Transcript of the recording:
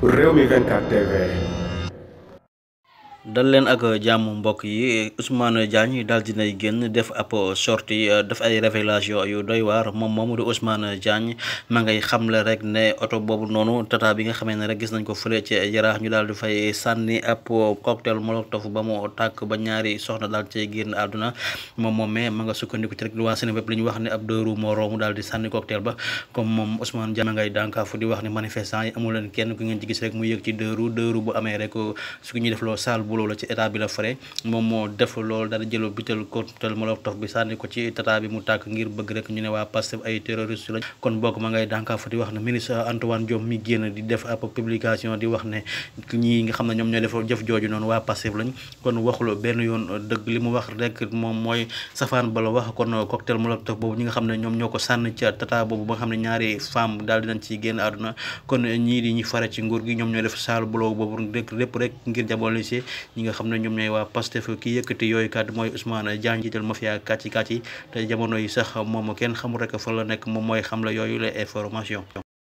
pour Rewmi 24 TV dal leen ak jàmm mbokk yi Ousmane Diagne daal dinay génn def ab sortie def ay révélation yu doy waar moom moomu di Ousmane Diagne ma ngay xamle rek ne oto boobu noonu tata bi nga xamee ne rek gis nañ ko fële ci yaraax ñu daal di fay sànni ab cocktail molotov ba mo tàkk ba ñaari soxna daal cay génn àdduna moom moom mais ma nga sukkandiku ci rek lu waa Sénégal li ñu wax ne ab deux roues moo romb di sànni cocktail ba comme moom Ousmane Diagne ma ngay dànkaafu di wax ne manifestant yi amul leen kenn ku ngeen ci gis rek mu yëg ci deux roues deux roues bu amee rek su ñuy def loo saal bu boobu loolu ci état bi la fare moom moo def loolu dara jëloo bital cocktail molotov bi sànni ko ci état bi mu tàkk ngir bëgg rek ñu ay terroriste la kon bokk ma ngay di wax ministre Antoine Diome mi di def ab publication di wax ne ñi nga xam ne ñoom def jëf jooju noonu waa Pastef lañ kon yoon wax rek moom mooy safaan ba wax kon cocktail molotov boobu ñi nga xam ne ñoom ñoo ko tata boobu ba nga ñaari femme daal dinañ ci génn àdduna kon ñii di ci nguur gi def rek rek ngir jabol ñi nga xam ne ñoom ñooy waa Pastef ki yëkkati yooyu kàddu mooy Ousmane Diagne jiital mafia kàcci kàcci te jamono yi sax moom kenn xamul rek fa la nekk moom mooy xam la yooyu la information